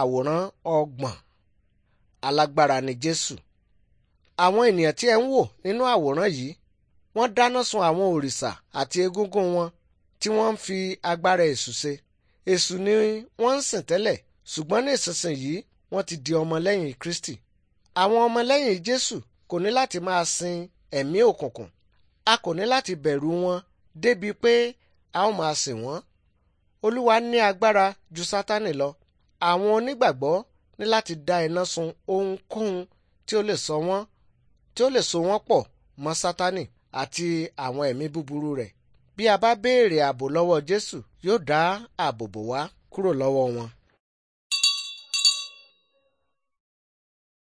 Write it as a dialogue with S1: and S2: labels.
S1: àwòrán ọgbọ̀n alágbára ni Jésù àwọn ènìyàn tí ẹ ń wò nínú àwòrán yìí wọ́n dáná sun àwọn òrìṣà àti egúngún wọn tí wọ́n ń fi agbára èṣù ṣe èṣù ni wọ́n ń sìn tẹ́lẹ̀ ṣùgbọ́n ní ìsinsìnyí wọ́n ti di ọmọlẹ́yìn Kristi àwọn ọmọlẹ́yìn Jésù kò ní láti máa sin ẹ̀mí òkùnkùn a kò ní láti bẹ̀rù wọn débi pé a ó máa sìn wọ́n olúwa ní agbára ju sátánì lọ àwọn onígbàgbọ́ ní láti dá iná sun ohunkóhun tí ó lè so wọ́n tí ó lè so wọ́n pọ̀ mọ́ sátánì àti àwọn ẹ̀mí búburú rẹ̀ bí a bá béèrè ààbò lọ́wọ́ jésù yóò dá ààbò bò wá kúrò lọ́wọ́ wọn